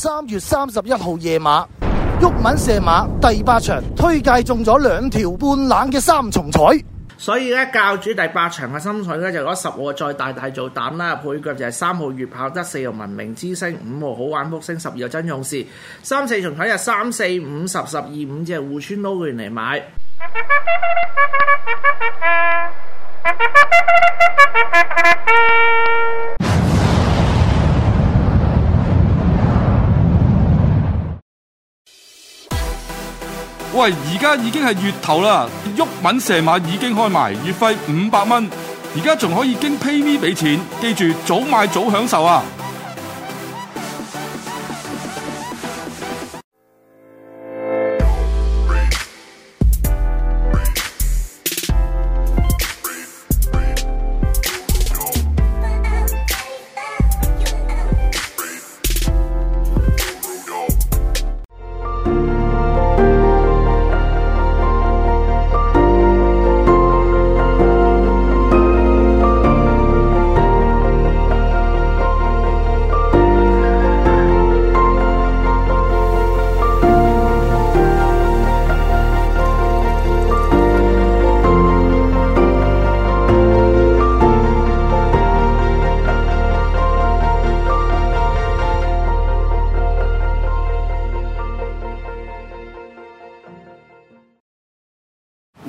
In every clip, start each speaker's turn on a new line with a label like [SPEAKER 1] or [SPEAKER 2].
[SPEAKER 1] 三月三十一號夜馬，郁文射馬第八場推介中咗兩條半冷嘅三重彩，
[SPEAKER 2] 所以咧教主第八場嘅心水咧就攞十
[SPEAKER 1] 號再大大做膽啦，配腳就係三號月跑得四號文明之星，五號好玩福星，十二號真勇士，三四重彩就三四五十十二五隻護村撈員嚟買。
[SPEAKER 3] 喂，而家已經係
[SPEAKER 1] 月頭啦，沃敏射馬已經開埋，月費五百蚊，而家仲可以經 PayMe 俾錢，記住早買早享受啊！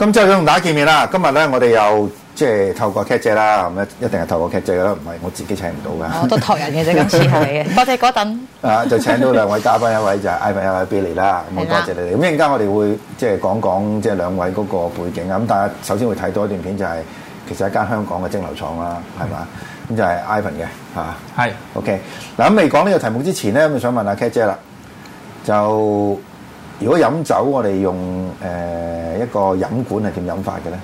[SPEAKER 2] 咁即想同大家見面啦。今日咧，我哋又即係透過 Kate 姐啦，咁一定係透過 Kate 姐啦，唔係我自己請唔到噶。哦，我都託人嘅啫，咁自豪嘅。多
[SPEAKER 3] 謝郭鄧。
[SPEAKER 2] 啊， 就請到兩位嘉賓，一位就係 Ivan， 一位 Billy 啦。咁多謝你哋。咁一陣間我哋會即係講講即係兩位嗰個背景啊。咁大家首先會睇多一段片，就是一，就係其實一間香港嘅蒸餾廠啦，係嘛？咁就係 Ivan 嘅，吓係。OK。嗱咁未講呢個題目之前咧，咁就想問下 Kate 姐啦，就。如果飲酒，我哋用誒一個飲管係點飲法嘅呢？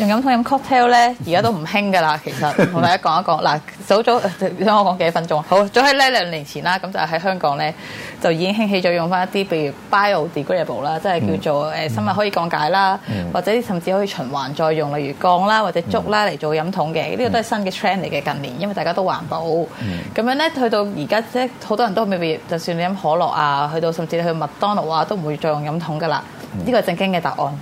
[SPEAKER 3] 用飲桶飲 cocktail 咧，而家都唔興㗎啦。其實同大家講一講，嗱早早你聽我講幾分鐘。好，早喺呢兩年前啦，咁就喺香港咧就已經興起咗用返一啲，譬如 biodegradable 啦，即係叫做誒生物可以降解啦、嗯，或者甚至可以循環再用，例如鋼啦或者竹啦嚟做飲桶嘅。呢個都係新嘅 trend 嚟嘅。近年因為大家都環保，咁、嗯、樣咧去到而家即係好多人都未必就算你飲可樂啊，去到甚至去麥當勞啊都唔會再用飲桶㗎啦。呢、嗯、個正經嘅答案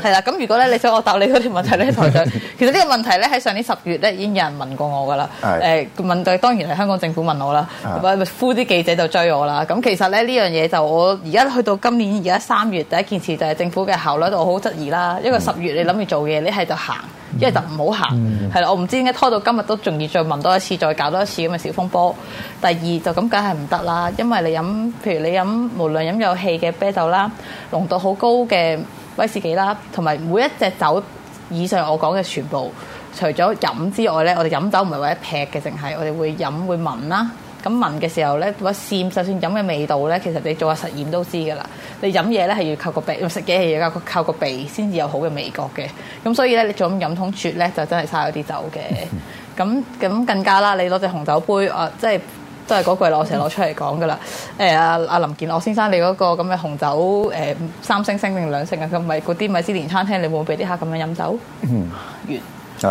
[SPEAKER 3] 係 啦， 咁如果咧你想我答你嗰條問題咧， 台長，其實呢個問題咧喺上年十月咧已經有人問過我噶啦，誒問對，當然係香港政府問我啦，咁咪呼啲記者就追我啦。咁其實咧呢樣嘢就我而家去到今年而家三月第一件事就係政府嘅效率度好質疑啦，因為十月你諗住做嘢，嗯、你喺度行。一係就唔好行，係、嗯、啦，我唔知點解拖到今日都仲要再聞多一次，再搞多一次咁嘅小風波。第二就咁梗係唔得啦，因為你飲，譬如你飲，無論飲有氣嘅啤酒啦，濃度好高嘅威士忌啦，同埋每一隻酒以上我講嘅全部，除咗飲之外呢，我哋飲酒唔係為咗劈嘅，淨係我哋會飲會聞啦。咁聞嘅時候咧，揾線就算飲嘅味道咧，其實你做下實驗都知㗎啦。你飲嘢咧，係要靠個鼻，食嘢係要靠個鼻先至有好嘅味覺嘅。咁所以咧，你做咁飲筒啜咧，就真係嘥咗啲酒嘅。咁 咁更加啦，你攞隻紅酒杯啊，即係都係嗰句啦，我成日攞出嚟講㗎啦。誒、 欸、啊啊林建岳先生，你嗰個咁嘅紅酒誒、啊、三星星定兩星啊？咁咪嗰啲米芝蓮餐廳，你會唔會俾啲客咁樣飲
[SPEAKER 2] 酒？嗯。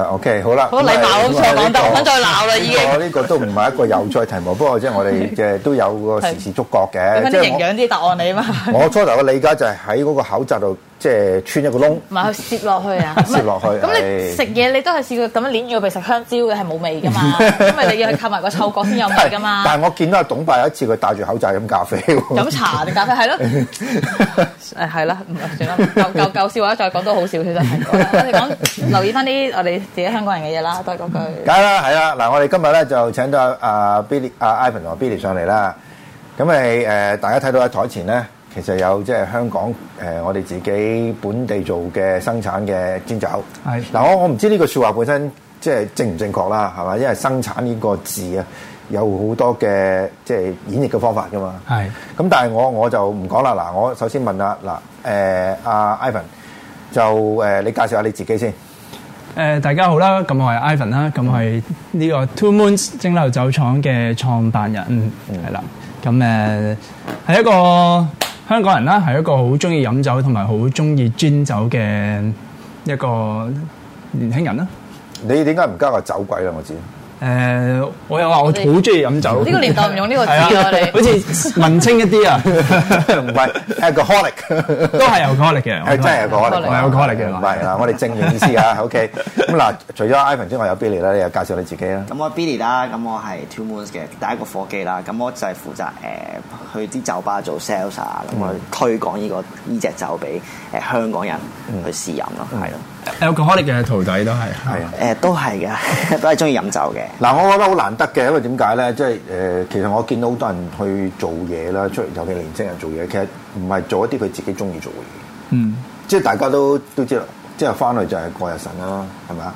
[SPEAKER 2] o、okay, k 好啦，好禮貌，唔好講講多，唔好、這個、再鬧啦，已經。我、這、呢個都唔係一個有趣題目， 不過即係我哋嘅都有個時事觸覺嘅，即、就是、嘛。
[SPEAKER 3] 就是、我， 我
[SPEAKER 2] 初頭嘅理解就係喺嗰個口罩度。即係穿一個窿，
[SPEAKER 3] 唔係去蝕落去啊！蝕 落去，咁你食嘢，你都係試過咁樣攣咗入嚟食香蕉嘅，係冇味㗎嘛， 因為你要靠埋個嗅覺先有味㗎嘛。但係
[SPEAKER 2] 我見到阿董伯有一次佢戴住口罩飲咖啡喎，飲茶定咖啡係
[SPEAKER 3] 咯，係啦， 夠夠夠笑話再講都好笑，其實 我哋講留意翻啲我哋自己香港人嘅
[SPEAKER 2] 嘢啦，多一句。梗係啦，係啦，嗱我哋今日咧就請到阿 Billy 阿、啊、Ivan 同 Billy 上嚟啦，咁咪誒大家睇到喺台前咧。其實有即係、就是、香港誒、呃，我哋自己本地做嘅生產嘅氈酒係嗱，我我唔知呢個説話本身即係正唔正確啦，係嘛？因為生產呢個字啊，有好多嘅即係演繹嘅方法噶嘛係咁，但係我我就唔講啦嗱。我首先問下嗱，誒、呃、阿、啊、Ivan 就誒、呃，你介紹下你自己先
[SPEAKER 1] 誒、呃。大家好啦，咁我係 Ivan 啦，咁係呢個 Two Moons 蒸餾酒廠嘅創辦人，係、嗯、啦，咁誒係一個。香港人啦，係一個好中意飲酒同埋好中意尊酒嘅一個年輕人啦。
[SPEAKER 2] 你點解唔加個酒鬼啊？我知。
[SPEAKER 1] 誒、呃，我又話我好中意飲酒。呢個年代唔用呢個字啦、啊啊，你。好似
[SPEAKER 2] 文青一啲啊，唔 係不是，係 個 holic，都係有 holic 嘅。係真係有 holic 係有 holic 嘅，唔係啊。 我哋正面的意思啊 ，OK。咁嗱，除咗 Ivan 之外， 有 Billy 啦，你又介紹你自己啦、啊。咁我 Billy 啦，咁我係 Two Moons 嘅第一個伙計啦。咁我
[SPEAKER 1] 就係負責誒、呃、去啲酒吧做 sales 啊，咁去推廣呢、這個依隻、這個、酒俾
[SPEAKER 2] 誒、呃、香港人去試飲咯，係、嗯、咯。嗯
[SPEAKER 1] 有 Eric 嘅徒弟都係，係
[SPEAKER 2] 啊，誒，都係嘅，都係中意飲酒嘅。嗱，我覺得好難得嘅，因為點解咧？即、就、係、是，誒、呃，其實我見到好多人去做嘢啦，出，嚟尤其年青人做嘢，其實唔係做一啲佢自己中意做嘅嘢。嗯，即係大家都都知啦，即係翻去就係過日神啦，係咪啊？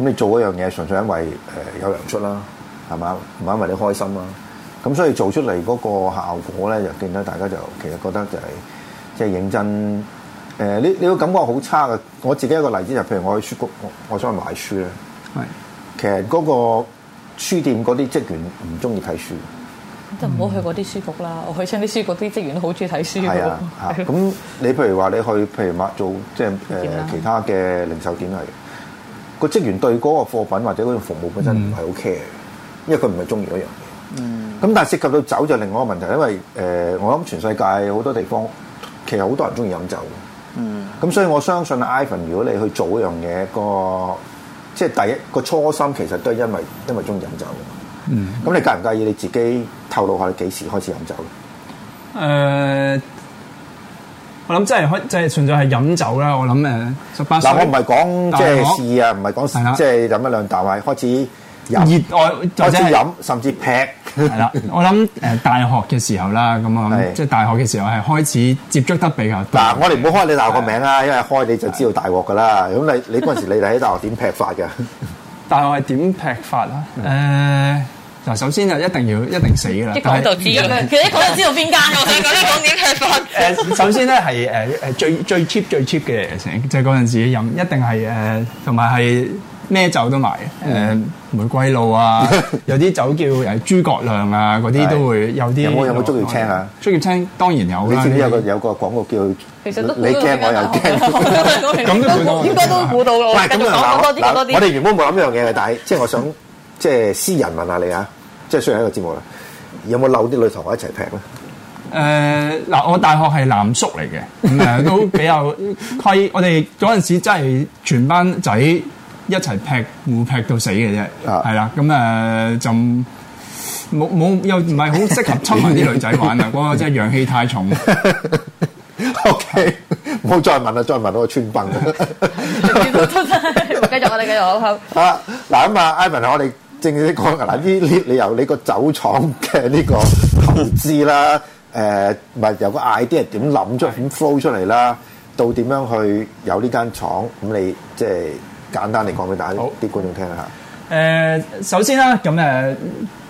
[SPEAKER 2] 咁你做嗰樣嘢，純粹因為誒、呃、有糧出啦，係咪啊？唔係因為你開心啦。咁所以做出嚟嗰個效果咧，就見到大家就其實覺得就係即係認真。誒，你你會感覺好差嘅。我自己一個例子就，譬如我去書局，我想去買書咧。係。其實嗰個書店嗰啲職員唔中意睇書。就唔
[SPEAKER 3] 好去嗰啲書局啦。我去親啲書局，啲職員都好中意睇書。係
[SPEAKER 2] 啊，咁你譬如話，你去譬如話做即係誒其他嘅零售店嚟，個職員對嗰個貨品或者嗰個服務本身唔係 OK 嘅，因為佢唔係中意嗰樣嘢。
[SPEAKER 3] 嗯。
[SPEAKER 2] 咁、嗯、但係涉及到酒就另外一個問題，因為誒、呃，我諗全世界好多地方其實好多人中意飲酒。咁所以我相信，Ivan，如果你去做一樣嘢，個即係第一個初心，其實都係因為因為中意飲酒嘅。嗯。咁你介唔介意你自己透露一下你幾時開始飲酒咧？
[SPEAKER 1] 誒、呃，我諗即係可即係純粹係飲酒啦。我諗誒，十八。嗱，我唔係講不是即係試
[SPEAKER 2] 啊，唔係講即係飲一兩啖，係開始。熱愛或者飲甚至劈係啦，
[SPEAKER 1] 我諗誒、呃、大學嘅時候啦，咁、嗯、啊即係大學嘅時候係開始接觸得比較多。嗱，我哋唔好開
[SPEAKER 2] 你大學名啊，因為開你就知道大鑊噶啦。咁你你嗰陣時你哋喺大學點劈法噶？
[SPEAKER 1] 大學係點劈法啊？誒、嗯、嗱、呃，首先就一定要一定死噶啦，一講就知啦。佢一講就知
[SPEAKER 3] 道邊間啦。佢一講點劈
[SPEAKER 1] 法？誒、呃，首先咧係誒誒最最 cheap 最 cheap 嘅嘢，即係嗰陣時飲一定係誒同埋係。呃咩酒都埋，誒、呃、玫瑰露啊，有啲酒叫誒諸葛亮啊，嗰啲都會
[SPEAKER 2] 有啲。有冇有冇竹葉青啊？竹葉青當然有啦。你知唔知有個有個廣告叫？其實你驚我又驚，
[SPEAKER 3] 咁 都應該都估到喇。唔係咁啊，嗱，我哋原
[SPEAKER 2] 本冇諗一樣嘢嘅， 但係即係我想即係、就是、私人問下你啊，即、就、係、是、雖然喺個節目啦，有冇漏啲女同學一齊踢咧？
[SPEAKER 1] 誒、呃、嗱、呃，我大學係男宿嚟嘅，都比較規。我哋嗰陣時真係全班仔。一齊劈，會劈到死嘅啫，係、啊、啦。咁誒就冇冇，又唔係好適合出去，啲女仔玩啊。嗰、嗰個真係
[SPEAKER 2] 陽氣太重了、 嗯。OK，唔好再問啦，再問到個村、啊、 我穿崩。
[SPEAKER 3] 繼續我哋繼續口口
[SPEAKER 2] 啊。嗱咁啊，Ivan，我哋正式講嗱呢啲理由，你個酒廠嘅呢個投資啦，誒，唔係由個 idea 點諗出，點 flow 出嚟啦，到點樣去有呢間廠咁，你即係。簡單嚟講俾大家好，啲觀眾聽下。
[SPEAKER 1] 誒、呃，首先啦，咁誒、呃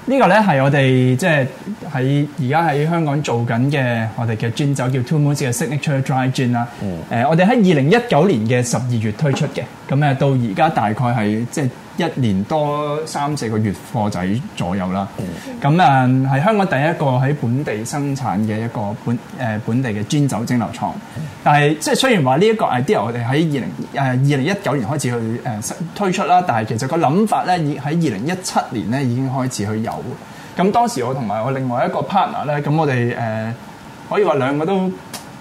[SPEAKER 1] 這個、呢個咧係我哋即係喺而家喺香港做緊嘅我哋嘅氈酒叫 Two Moons 嘅 Signature Dry Gin 啦、嗯呃。誒，我哋喺二零一九年嘅十二月推出嘅，咁誒到而家大概係、嗯、即係。一年多三四個月貨仔左右啦，咁誒係香港第一個喺本地生產嘅一個本誒、呃、本地嘅氈酒蒸餾廠。但係即係雖然話呢一個 idea 我哋喺二零誒二零一九年開始去誒、呃、推出啦，但係其實個諗法咧，已喺二零一七年咧已經開始去有。咁當時我同埋我另外一個 partner 咧，咁我哋誒、呃、可以話兩個都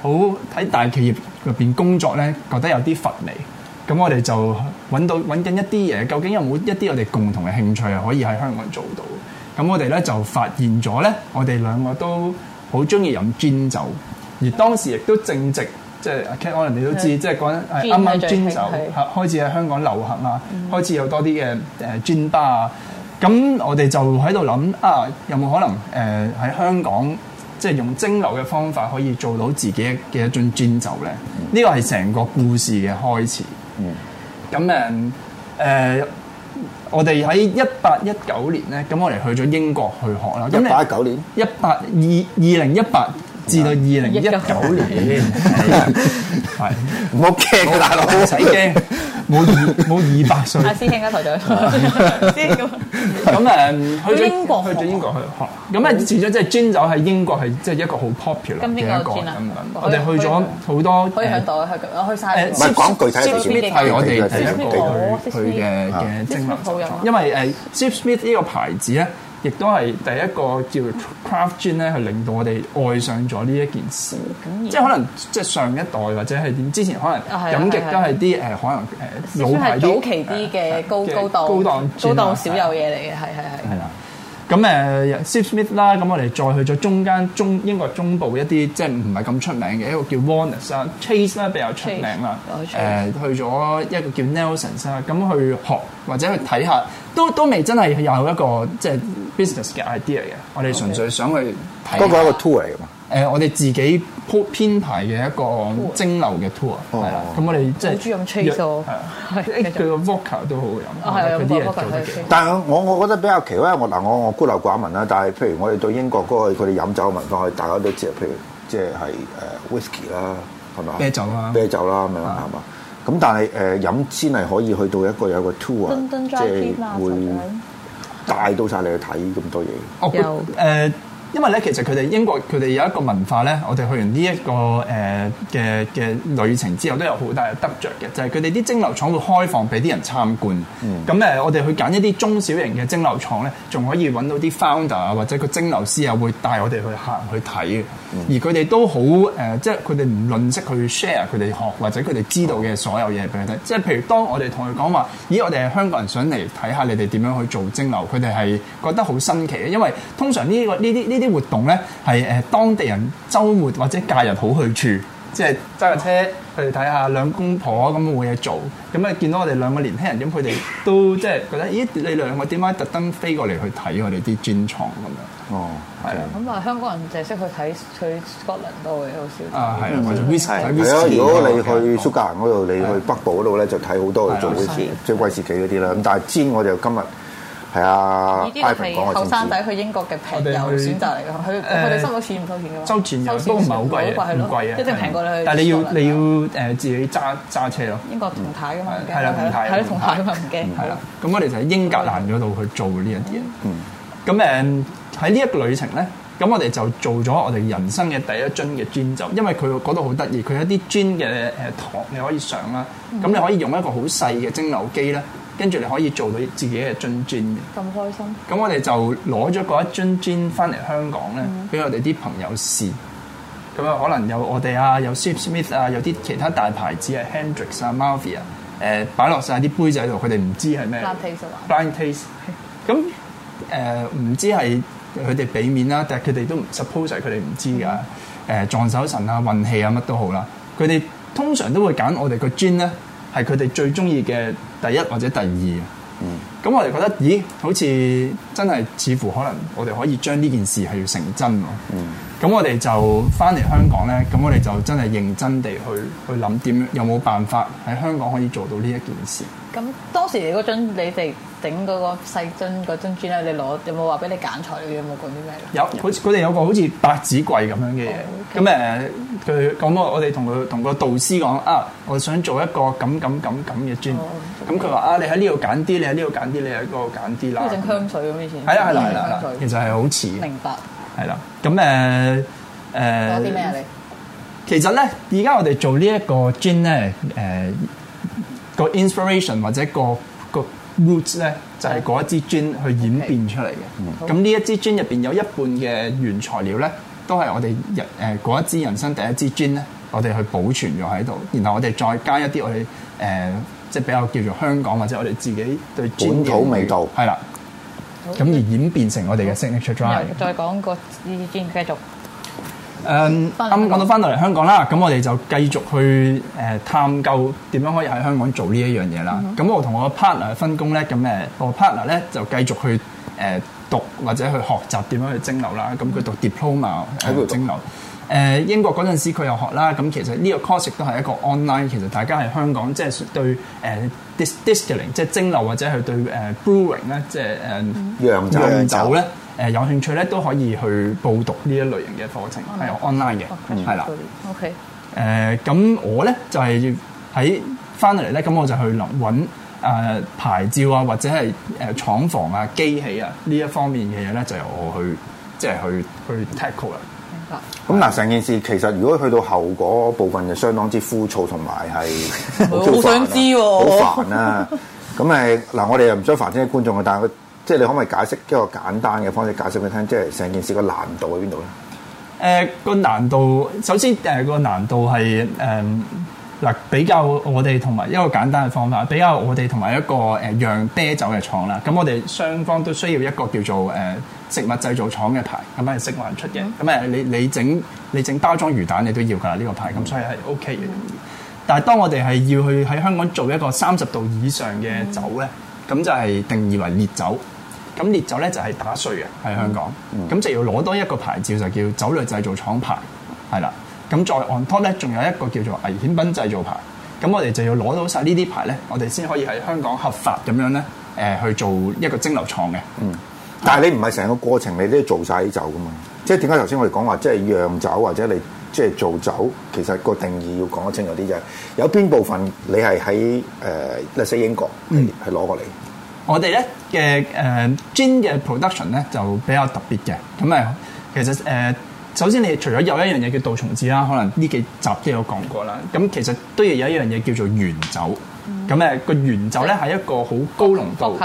[SPEAKER 1] 好喺大企業入邊工作咧，覺得有啲乏味。咁我哋就揾到揾緊一啲嘢，究竟有冇一啲我哋共同嘅興趣，係可以喺香港做到？咁我哋咧就發現咗咧，我哋兩個都好中意飲氈酒，而當時亦都正值即係阿 Ken，可能你都知道，即係講啱啱氈酒開始喺香港流行啊，開始有多啲嘅誒氈吧啊。咁、嗯、我哋就喺度諗啊，有冇可能誒喺、呃、香港即係用蒸餾嘅方法可以做到自己嘅一樽氈酒咧？呢、嗯這個係成個故事嘅開始。嗯，咁誒，誒，我哋喺一八一九年咧，咁我哋去咗英國去學啦。一八一九年，一八二二零一八至到二零一九年先，係唔好驚啦，老細唔使驚。冇二冇二百歲阿師、 啊、兄啊，台長，咁 誒一、 嗯、去，去英國去咗英國、嗯、去學，咁、嗯、啊、嗯嗯、始終即係氈酒喺英國係即係一個好 popular 嘅一個咁、嗯、
[SPEAKER 3] 我哋去咗
[SPEAKER 1] 好多可以、
[SPEAKER 3] 啊可以、可以啊、去到去、啊、去曬誒，唔係講具體係我哋第一個嘅嘅精華，
[SPEAKER 1] 因為誒 Sipsmith 呢個牌子咧。亦都係第一個叫 Craft Gin，咧，去令到我哋愛上咗呢一件事。即係可能即係上一代或者係點之前，可能咁亦都係啲可能誒老牌，hey, 早期
[SPEAKER 3] 啲嘅高高檔高檔少有嘢嚟嘅。係係
[SPEAKER 1] 係。係啦。咁誒、uh,，Sipsmith 啦。咁我哋再去咗中間中英國中部一啲，即係唔係咁出名嘅一個叫 Warners，Chase 啦比較出名啦。去咗一個叫 Nelsons 啦，咁去學或者去睇下，都都未真係有一個即係。就是嘅 idea 嘅、okay，我哋純粹想去睇。嗰一個 tour 嚟㗎嘛。我哋自己鋪編排嘅一個蒸餾嘅 tour，啦、oh。咁、oh 嗯、我哋即係好中意飲 cheese 係啊，佢個 vodka 都好飲。啲但
[SPEAKER 2] 係我我覺得比較奇，怪，我嗱我我，我孤陋寡聞啦。但係譬如我哋對英國嗰個佢哋飲酒嘅文化，大家都知道。譬如即係係誒 whisky 啦，嘛、就是 uh,？啤酒啦，啤酒啦，明嘛？係嘛？咁但係誒飲先係可以去到一個有個 tour，即係會。帶到晒你去睇咁多嘢。
[SPEAKER 1] 有、oh, 誒、呃。因為咧，其實佢哋英國佢哋有一個文化咧，我哋去完呢、這、一個誒嘅嘅旅程之後，都有好大嘅得着嘅，就係佢哋啲蒸餾廠會開放俾啲人參觀。嗯，咁誒，我哋去揀一啲中小型嘅蒸餾廠咧，仲可以揾到啲 founder 啊，或者個蒸餾師啊，會帶我哋去行去睇嘅。而佢哋都好誒，即係佢哋唔論識去 share 佢哋學或者佢哋知道嘅所有嘢俾佢哋。即、嗯、係譬如當我哋同佢講話，咦，我哋係香港人來，想嚟睇下你哋點樣去做蒸餾，佢哋係覺得好新奇嘅，因為通常呢、這個呢啲呢。這些啲活動咧係誒當地人周末或者假日好去處，即係揸架車去睇下兩公婆咁冇嘢做，咁啊見到我哋兩個年輕人，咁佢哋都即係覺得咦、哎，你兩個點解特登飛過嚟去睇我哋啲鑽廠咁
[SPEAKER 3] 樣？哦，係啊。咁啊，
[SPEAKER 1] 香港人淨係識去睇去 Scotland 多嘅，好少啊。係。 係啊，如果你去
[SPEAKER 2] 蘇格蘭嗰度，你去北部嗰度咧，就睇好多做威士，即係威士忌嗰啲啦。咁但係知我就今日。係啊！呢啲係後生仔
[SPEAKER 3] 去英國嘅朋友選擇嚟㗎，佢佢哋收到錢唔收錢㗎嘛。周
[SPEAKER 2] 前遊都唔係好貴啊，一定平過你
[SPEAKER 3] 去。但係你要
[SPEAKER 2] 你要
[SPEAKER 1] 誒自己揸揸車咯。英
[SPEAKER 3] 國同泰㗎嘛，係、嗯、啦，同泰係啦，同泰㗎嘛，唔驚。係啦，咁、嗯
[SPEAKER 1] 嗯嗯嗯、我哋就喺英格蘭嗰度去做呢一啲嘢。嗯，咁誒喺呢一個旅程咧，咁我哋就做咗我哋人生嘅第一樽嘅氈酒，因為佢嗰度好得意，佢有啲氈嘅誒堂你可以上啦，咁你可以用一個好細嘅蒸餾機咧。嗯跟住，你可以做到自己嘅樽 gin 嘅
[SPEAKER 3] 咁開
[SPEAKER 1] 心。咁我哋就攞咗嗰一樽 gin 翻嚟香港咧，俾、嗯、我哋啲朋友試。咁啊，可能有我哋啊，有 Sipsmith 啊，有啲其他大牌子啊 Hendrix 啊，Malfy 誒擺落晒啲杯仔度，佢哋唔知係咩 blind taste s 咁誒，唔、嗯呃、知係佢哋俾面啦，但係佢哋都唔 suppose 佢哋唔知噶誒、啊嗯呃、撞手神啊，運氣啊，乜都好啦。佢哋通常都會揀我哋個 gin 咧，係佢哋最中意嘅。第一或者第二，嗯，咁我哋覺得，咦，好似真係似乎可能，我哋可以將呢件事係要成真喎，嗯，咁我哋就翻嚟香港咧，咁我哋就真係認真地去去諗點樣，有冇辦法喺香港可以做到呢一件事？
[SPEAKER 3] 咁當時你嗰樽，你哋整嗰個細樽嗰樽氈咧，你攞有冇話俾你揀材料？有冇講啲咩？
[SPEAKER 1] 有，佢佢哋有，有個好似百子櫃咁樣嘅嘢，咁佢講我我哋同佢同個導師講啊，我想做一個咁咁咁咁嘅氈。咁佢話啊，你喺呢度揀啲，你喺呢度揀啲，你喺嗰度揀啲
[SPEAKER 3] 啦。即係整香水咁以前。
[SPEAKER 1] 係啦係啦係啦，其實係好
[SPEAKER 3] 似。
[SPEAKER 1] 明白。係啦。咁誒誒，講啲咩啊你？其實咧，而家我哋做呢一個氈酒咧，誒個 inspiration 或者個個 roots 咧，就係嗰一支氈酒去演變出嚟嘅。咁呢一支氈酒入邊有一半嘅原材料咧，都係我哋人誒嗰一支人生第一支氈酒咧，我哋去保存咗喺度。然後我哋再加一啲我哋誒。Uh, 即係比較叫做香港或者我哋自己對本土味道係啦，
[SPEAKER 3] 咁
[SPEAKER 1] 而演變成我哋嘅 signature drink。再
[SPEAKER 3] 講個呢啲，繼續。
[SPEAKER 1] 誒、嗯，講到翻到嚟香港啦，咁我哋就繼續去誒探究點樣可以喺香港做呢一樣嘢啦。咁、嗯、我同我 partner 分工咧，咁誒我 partner 咧就繼續去誒讀或者去學習點樣去蒸餾啦。咁、嗯、佢讀 diploma 喺度蒸餾。英國嗰陣時佢又學啦，咁其實呢個 course 都係一個 online。其實大家係香港，即係對誒 distilling，即係蒸餾或者係對 brewing 咧、就是，即係誒釀釀酒咧，有興趣咧都可以去報讀呢一類型嘅課程，係、嗯、online 嘅，係啦。OK，誒咁、okay, okay. 我咧就係喺翻嚟咧，咁我就去攞揾誒牌照啊，或者係誒廠房啊、機器啊呢一方面嘅嘢咧，就由我去即係、就是、去去
[SPEAKER 3] tackle 啦。
[SPEAKER 2] 咁嗱，成件事其實如果去到後果部分，就相當之枯燥同埋係
[SPEAKER 3] 好想知喎，好煩啊！
[SPEAKER 2] 咁誒嗱，我哋又唔想煩啲觀眾㗎，但係即係你可唔可以解釋一個簡單嘅方式解釋俾佢聽，即係成件事個難度喺邊度咧？
[SPEAKER 1] 呃，個難度，首先呃，個難度係，呃嗱，比較我哋同埋一個簡單嘅方法，比較我哋同埋一個誒釀、呃、啤酒嘅廠啦。咁我哋雙方都需要一個叫做、呃、食物製造廠嘅牌，咁係食環出嘅。咁、嗯、你你整你整包裝魚蛋你都要㗎呢、呢個牌，咁所以係 OK 嘅、嗯。但係當我哋係要去喺香港做一個三十度以上嘅酒咧，咁、嗯、就係定義為烈酒。咁烈酒咧就係打碎嘅喺香港，咁、嗯嗯、就要攞多一個牌照就叫酒類製造廠牌，係啦。咁再 on top 咧，仲有一個叫做危險品製造牌。咁我哋就要攞到晒呢啲牌咧，我哋先可以喺香港合法咁樣咧，誒、呃、去做一個蒸餾廠嘅、嗯。
[SPEAKER 2] 嗯，但係你唔係成個過程你都要做晒啲酒噶嘛？即係點解頭先我哋講話即係、就是、釀酒或者你即係、就是、做酒，其實個定義要講得清楚啲就係、是、有邊部分你係喺誒，例、呃、如英國係攞、嗯、過嚟。
[SPEAKER 1] 我哋咧嘅 Gin 嘅 production 咧就比較特別嘅。咁、嗯、啊，其實誒。呃首先，你除咗有一樣嘢叫杜松子啦，可能呢幾集都有講過啦。咁其實都要有一樣嘢叫做原酒。咁、嗯、誒，個原酒咧係一個好高濃度，係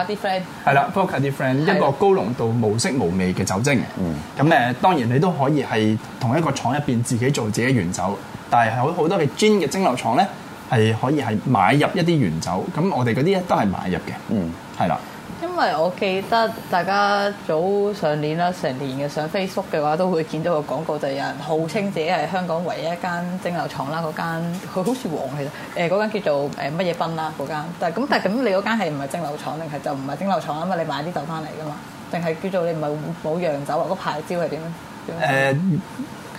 [SPEAKER 1] 啦啲 friend，一個高濃度無色無味嘅酒精。咁、嗯、誒，當然你都可以係同一個廠入邊自己做自己原酒，但係好好多嘅 gin 嘅蒸餾廠咧，係可以係買入一啲原酒。咁我哋嗰啲咧都係買入嘅。嗯，係啦。
[SPEAKER 3] 因為我記得大家早上年啦，成年嘅上 Facebook 嘅話，都會見到個廣告，就有人號稱自己係香港唯一一間蒸餾廠啦。嗰間佢好似黃嚟。誒嗰間叫做誒乜嘢賓啦嗰間。但係咁，但係咁，你嗰間係唔係蒸餾廠，定係就唔係蒸餾廠啊？嘛，你買啲酒翻嚟㗎嘛，定係叫做你唔係冇洋酒啊？嗰牌照係點咧？誒，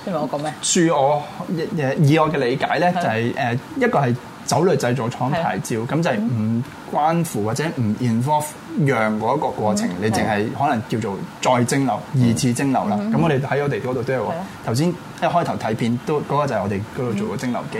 [SPEAKER 3] 你
[SPEAKER 1] 問我講咩？據我誒以我嘅理解咧，就係誒一個係。酒類製造廠牌照，咁就係唔關乎或者唔 involve 釀嗰一個過程，你淨係可能叫做再蒸餾，二次蒸餾啦。咁我哋喺我哋嗰度都有，頭先一開頭睇片都嗰、那個就係我哋嗰度做個蒸餾機。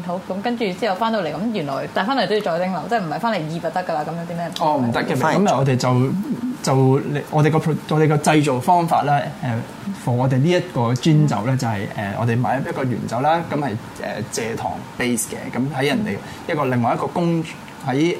[SPEAKER 3] 好咁，跟住之後翻到嚟咁，原來帶翻嚟都要再蒸餾，即係唔係翻嚟二就得噶
[SPEAKER 1] 啦。咁有啲咩？哦、oh，唔得嘅，咁，我哋就就我哋個我哋個製造方法啦誒，mm. uh, 我哋呢一個氈酒咧，mm. 就係、是 uh, 我哋買一個原酒啦，咁係誒蔗糖 base 嘅，咁喺人哋一個、mm. 另外一個工喺誒、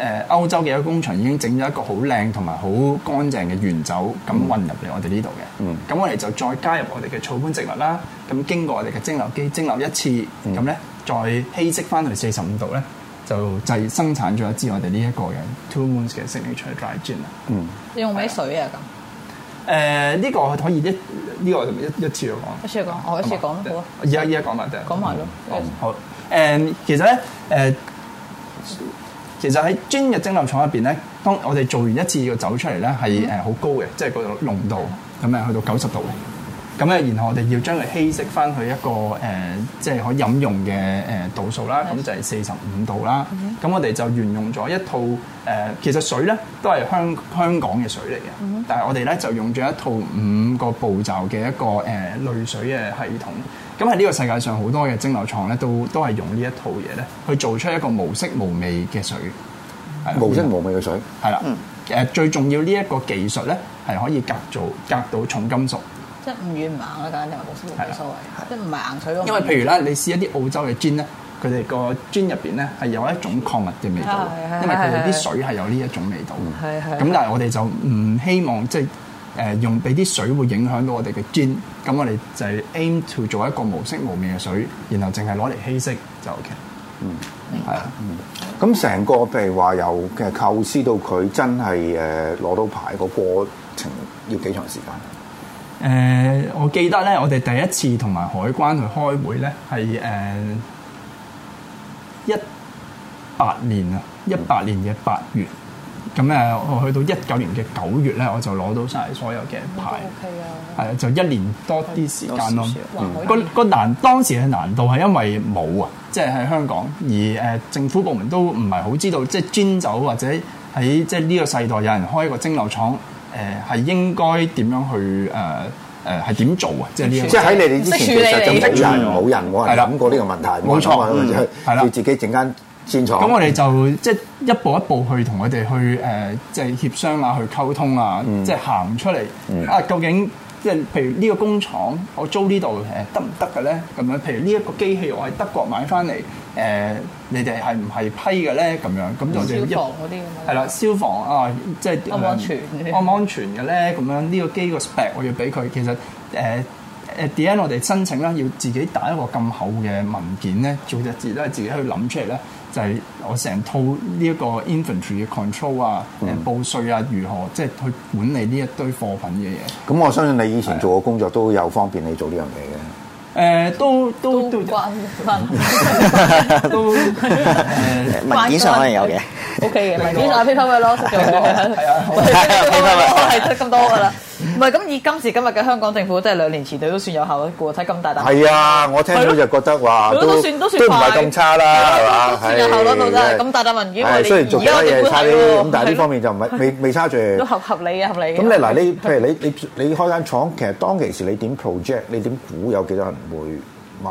[SPEAKER 1] uh, 歐洲嘅一個工廠已經整咗一個好靚同埋好乾淨嘅原酒，咁、mm. uh, 運入嚟我哋呢度嘅。咁、mm. uh, 我哋就再加入我哋嘅草本植物啦，咁、mm. uh, 經過我哋嘅蒸餾機蒸餾一次，咁咧。再稀釋翻到嚟四十五度咧，就就生產咗一支我哋呢一個嘅 Two Moons 嘅蒸餾廠 signature dry gin 啦，嗯啊啊呃這個這個啊。嗯，
[SPEAKER 3] 用咩水啊
[SPEAKER 1] 咁？誒，呢個可以一呢個一一次嚟講，一次嚟講，我一次講咯，
[SPEAKER 3] 好啊。依
[SPEAKER 1] 家依家講埋得，講埋咯。好。誒，其實咧，誒、呃，其實喺 gin 嘅蒸餾廠入邊咧，當我哋做完一次要走出嚟咧，係誒好高嘅，即係個濃度，咁咧去到九十度。咁咧，然後我哋要將佢稀釋翻去一個誒、呃，即係可飲用嘅誒、呃、度數啦。咁就係四十五度啦。咁、嗯、我哋就沿用咗一套誒、呃，其實水咧都係香香港嘅水嚟嘅、嗯，但係我哋咧就用咗一套五個步驟嘅一個誒濾、呃、水嘅系統。咁喺呢個世界上很的，好多嘅蒸餾廠咧都都係用呢一套嘢咧，去做出一個無色無味嘅水、
[SPEAKER 2] 嗯的。無色無味嘅水，係啦。
[SPEAKER 1] 誒、呃嗯，最重要呢一個技術咧，係可以隔造隔到重金屬。
[SPEAKER 3] 即唔軟唔硬嘅簡單，就係冇所謂。即唔係硬水咯、啊啊。因為譬如咧，
[SPEAKER 1] 你試一啲澳洲嘅 gin 咧，佢哋個 gin 入邊咧係有一種礦物嘅味道。啊啊、因為佢哋啲水係有呢一種味道。咁、啊啊啊、但係我哋就唔希望即係誒用俾啲水會影響到我哋嘅 gin。咁我哋就係 aim to 做一個模式無色無味嘅水，然後淨係攞嚟稀釋就 OK 嗯、啊。嗯，係、
[SPEAKER 2] 嗯、啊。咁成個譬如話由構思到佢真係誒攞到牌個過程要幾長時間？
[SPEAKER 1] 誒、呃，我記得咧，我哋第一次同埋海關去開會咧，係誒一八年啊，一八年嘅八月。咁誒、呃，我去到一九年嘅九月咧，我就攞到晒所有嘅牌。OK 啊，係啊，就一年多啲時間咯。個個、嗯嗯、難，當時嘅難度係因為冇啊，即係喺香港，而誒、呃、政府部門都唔係好知道，即、就、係、是、專走或者喺即係呢個世代有人開一個蒸餾廠。誒、呃、係應該點樣去誒誒係點做啊？就是、即係呢一即係喺你哋之前、就是、其實就冇人冇、嗯、人
[SPEAKER 2] 我係諗過呢個問題，冇錯啊！係、嗯、要自己整間專廠。咁我哋
[SPEAKER 1] 就、嗯、即係一步一步去同佢哋去誒、呃，即係協商啊，去溝通啊、嗯，即係行出嚟、嗯、啊，究竟？即係譬如呢個工廠，我租這裡得不得呢度誒得唔得嘅咧？咁樣譬如呢一個機器，我喺德國買翻嚟誒，你哋係唔係批嘅咧？咁樣咁我哋一係啦，消防啊，即係安全？安、嗯、唔安全嘅咧？咁樣呢、呢個機個 spec 我要俾佢，其實誒誒、呃、我哋申請啦，要自己打一個咁厚嘅文件咧？其實字都係自己去諗出嚟咧。就係、是、我成套呢一個 inventory 嘅 control 啊，報稅啊，如何即係去管理呢一堆貨品嘅嘢。
[SPEAKER 2] 咁我相信你以前做嘅工作都有方便你做呢樣嘢嘅。誒、嗯
[SPEAKER 3] 呃，都都都關
[SPEAKER 2] 關，
[SPEAKER 3] 都文件上可能有嘅。O K 嘅，文件上偏翻去咯。係啊，係出咁多噶啦。都都 都呃唔係，咁以今時今日嘅香港政府，即係兩年前佢都算有效果喎，睇咁大單。係啊，
[SPEAKER 2] 我聽咗就覺得話都算，都算都唔係咁差啦，係嘛？算有效果㗎，咁大單文件我哋而家政府係，但係呢方面就唔係未未差住。都
[SPEAKER 3] 合合理啊，合理。咁你嗱，你譬如你
[SPEAKER 2] 你你開間廠，其實當其時你點 project？你點估有幾多人會買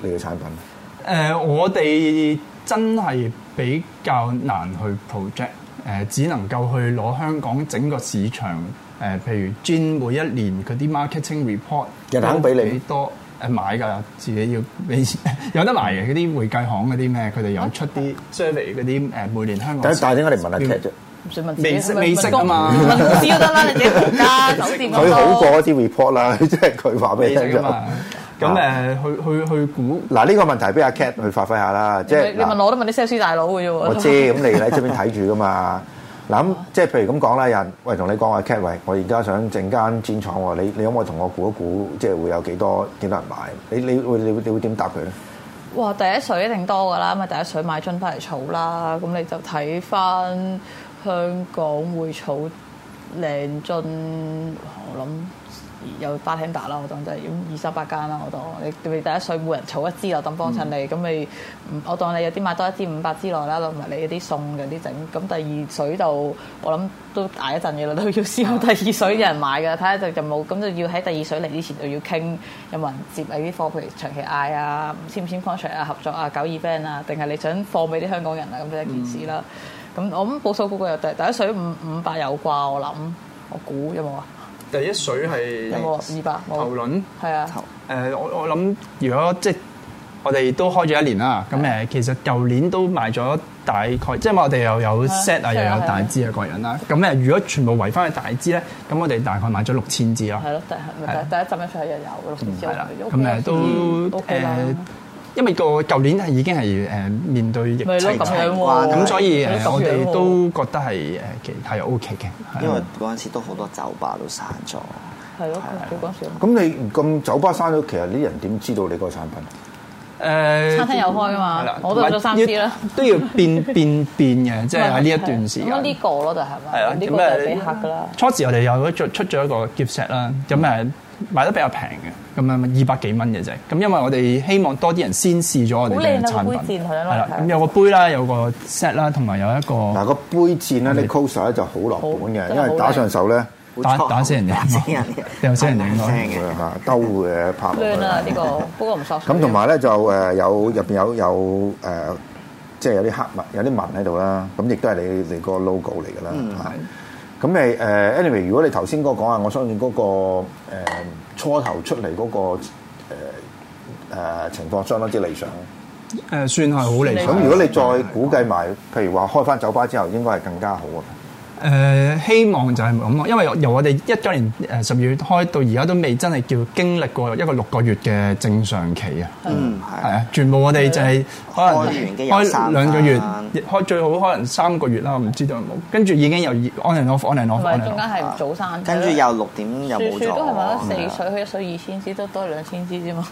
[SPEAKER 2] 你嘅產品？
[SPEAKER 3] 呃，我哋
[SPEAKER 1] 真係比較難去 project，呃，只能夠去攞香港整個市場。誒、呃，譬如 Gin 每一年佢啲 marketing report，有得俾你多誒、啊、買㗎，自己要有得埋嗰啲會計行嗰啲咩，佢哋有出啲將嚟嗰啲誒每年香港。但係
[SPEAKER 2] 點解你唔問阿 Cat 唔想
[SPEAKER 1] 問。未，未識未識啊嘛？
[SPEAKER 2] 問唔知都得啦，你哋業界酒店。佢好過啲 report 啦，即係佢話俾你聽嘛。咁誒，去去去估嗱呢個問題，俾阿 Cat 去發揮下啦，即係你問
[SPEAKER 3] 我都問啲 sales 大佬嘅啫喎。我知，咁、啊、你喺出邊睇
[SPEAKER 2] 住㗎嘛。 嗱，即係譬如咁講啦，有人，喂，同你講話，Cat 喂，我而家想整間氈廠喎，你你可唔可以同我估一估，即係會有幾多幾多人買？你你會你會點答佢咧？
[SPEAKER 3] 哇！第一水一定多噶啦，咁啊第一水買樽翻嚟儲啦，咁你就睇翻香港會儲靚樽，我諗。有花艇打啦，我當真係咁二三百間啦，我當你第一水冇人儲一支啦，咁幫襯你咁你、嗯，我當你有啲買多一支五百之內啦，同埋你有啲送嘅啲整。咁第二水就我諗都挨一陣嘅啦，都要試。第二水有人買嘅，睇、嗯、下就就冇，咁就要喺第二水嚟之前就要傾有冇人接你啲貨譬如長期嗌啊，簽唔簽 contract 啊合作啊九二 band 啊，定係你想放俾啲香港人啊咁嘅一件事啦。咁、嗯、我諗報數嗰個第第一水五五百有啩，我諗我估有冇啊？
[SPEAKER 1] 第一水係二百頭輪，係啊，誒、呃、我我諗如果即係我哋都開咗一年啦，咁誒、啊、其實舊年都買咗大概，即係我哋又有 set 啊，又有大支嘅個人啦，咁誒、啊啊、如果全部圍翻去大支咧，咁我哋大概買咗六千支咯，係咯、啊
[SPEAKER 3] 啊，第一第一浸一出係又有六千、啊、支，係啦、啊，咁誒、啊 okay, uh, okay, 都誒。Okay
[SPEAKER 1] uh, okay 因為個舊年已經係面對疫情嘅，咁所以我哋都覺得係誒係 OK 嘅。因為嗰
[SPEAKER 2] 陣時都好多酒吧都閂咗，係
[SPEAKER 3] 咯，
[SPEAKER 2] 咁你咁酒吧閂咗，其實啲人點知道你個產品啊、呃？
[SPEAKER 1] 餐廳
[SPEAKER 3] 有開啊嘛，我都入咗三 D 啦，都要變變
[SPEAKER 2] 變嘅，即係喺呢一段時間。咁呢
[SPEAKER 3] 個咯，就係咪？係啊，呢個就俾客噶啦。
[SPEAKER 1] 初時我哋又出出咗一個 gift set 啦，咁誒。買得比較平嘅，咁樣二百幾蚊嘅啫。咁因為我哋希望多啲人先試咗我哋嘅產品。好靚啊！杯
[SPEAKER 3] 墊啦，
[SPEAKER 1] 咁有個
[SPEAKER 2] 杯啦，有個 set 啦，同埋有一個。嗱個杯墊咧，你 colour 咧就好落本嘅，因為打上手咧。打打死人！打死人！又真係亂聲嘅嚇，兜嘅拍落去。啦呢、啊呢個，不
[SPEAKER 3] 過唔熟。咁同
[SPEAKER 2] 埋咧就誒有入邊有有誒，即係有啲黑紋，有啲紋喺度啦。咁亦都係你你個 logo 嚟㗎啦。嗯。咁、嗯、咪 a n y、anyway, w a y 如果你頭先嗰講啊，我相信嗰、那個、呃、初頭出嚟嗰、那個誒、呃呃、情況相當之理、呃、理想。
[SPEAKER 1] 誒算係好理想。咁如果你
[SPEAKER 2] 再估計埋，譬、嗯、如話開翻酒吧之後，應該係更加好啊。誒、
[SPEAKER 1] 呃、希望就係咁咯，因為由我哋一九年誒十二月開到而家都未真係叫經歷過一個六個月嘅正常期啊。嗯，係啊，全部我哋就係可能開兩個月。亦開最好可能三個月啦，唔知道有冇。跟住已經由安人攞貨，安人攞唔係中間
[SPEAKER 3] 係早散。跟住又六點又冇都係買咗四水，一水二千支都多兩千支啫嘛。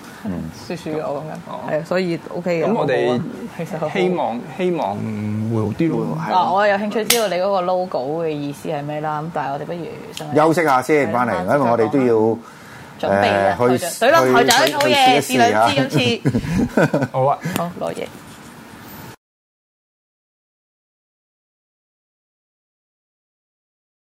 [SPEAKER 3] 樹樹我咁樣。係啊，所以 OK 嘅。咁我哋、啊、其實希望
[SPEAKER 2] 實希望會好啲咯。嗱、嗯
[SPEAKER 3] 啊，我有興趣知道你嗰個 logo 嘅意思係咩啦。咁、嗯、但係我哋不如休
[SPEAKER 2] 息下先，翻嚟，因為我哋都要、呃、準備水冷台仔，好嘢試兩支咁試一。好啊，好攞嘢。